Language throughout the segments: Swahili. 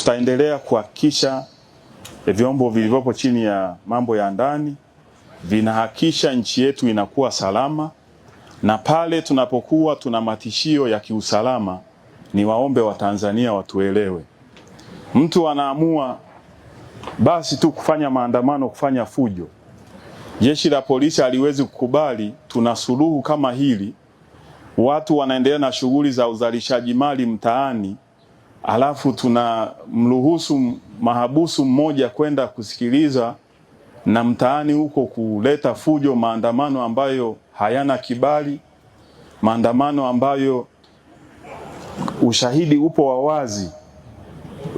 tutaendelea kuhakikisha eh, vyombo vilivyopo chini ya mambo ya ndani vinahakisha nchi yetu inakuwa salama, na pale tunapokuwa tuna matishio ya kiusalama, ni waombe Watanzania watuelewe. Mtu anaamua basi tu kufanya maandamano, kufanya fujo. Jeshi la polisi haliwezi kukubali. Tuna suluhu kama hili, watu wanaendelea na shughuli za uzalishaji mali mtaani alafu tuna mruhusu mahabusu mmoja kwenda kusikiliza na mtaani huko kuleta fujo, maandamano ambayo hayana kibali, maandamano ambayo ushahidi upo wa wazi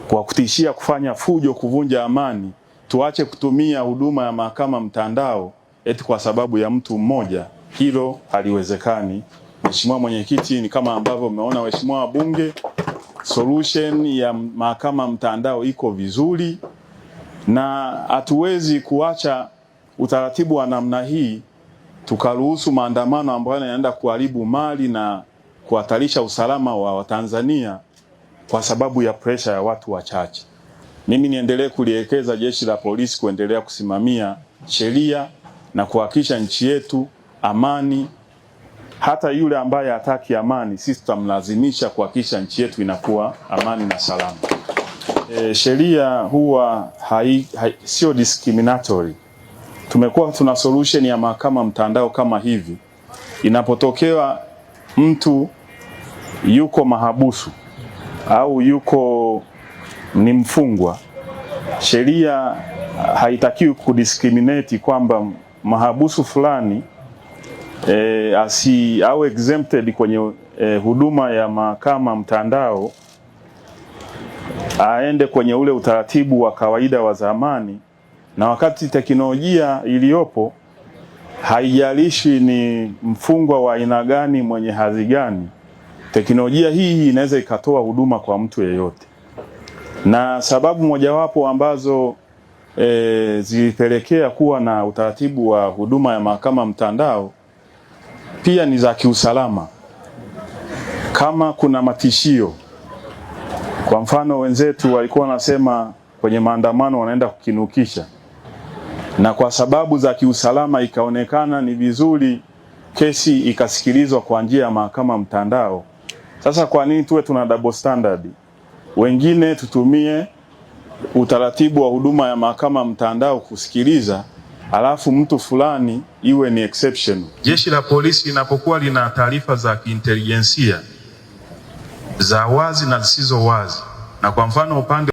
kwa kutishia kufanya fujo, kuvunja amani. Tuache kutumia huduma ya mahakama mtandao eti kwa sababu ya mtu mmoja, hilo haliwezekani. Mheshimiwa Mwenyekiti, ni kama ambavyo umeona waheshimiwa wabunge solution ya mahakama mtandao iko vizuri, na hatuwezi kuacha utaratibu wa namna hii tukaruhusu maandamano ambayo yanaenda kuharibu mali na kuhatarisha usalama wa Watanzania kwa sababu ya presha ya watu wachache. Mimi niendelee kulielekeza jeshi la polisi kuendelea kusimamia sheria na kuhakikisha nchi yetu amani hata yule ambaye hataki amani, sisi tutamlazimisha kuhakikisha nchi yetu inakuwa amani na salama. E, sheria huwa hai, hai, sio discriminatory. Tumekuwa tuna solution ya mahakama mtandao kama hivi, inapotokea mtu yuko mahabusu au yuko ni mfungwa, sheria haitakiwi kudiscriminate kwamba mahabusu fulani e, asi au exempted kwenye e, huduma ya mahakama mtandao, aende kwenye ule utaratibu wa kawaida wa zamani, na wakati teknolojia iliyopo haijalishi ni mfungwa wa aina gani, mwenye hadhi gani, teknolojia hii inaweza ikatoa huduma kwa mtu yeyote. Na sababu mojawapo ambazo e, zilipelekea kuwa na utaratibu wa huduma ya mahakama mtandao pia ni za kiusalama. Kama kuna matishio, kwa mfano wenzetu walikuwa wanasema kwenye maandamano wanaenda kukinukisha, na kwa sababu za kiusalama ikaonekana ni vizuri kesi ikasikilizwa kwa njia ya mahakama mtandao. Sasa kwa nini tuwe tuna double standard? Wengine tutumie utaratibu wa huduma ya mahakama mtandao kusikiliza alafu mtu fulani iwe ni exception. Jeshi la polisi linapokuwa lina taarifa za kiintelijensia za wazi na zisizo wazi, na kwa mfano upande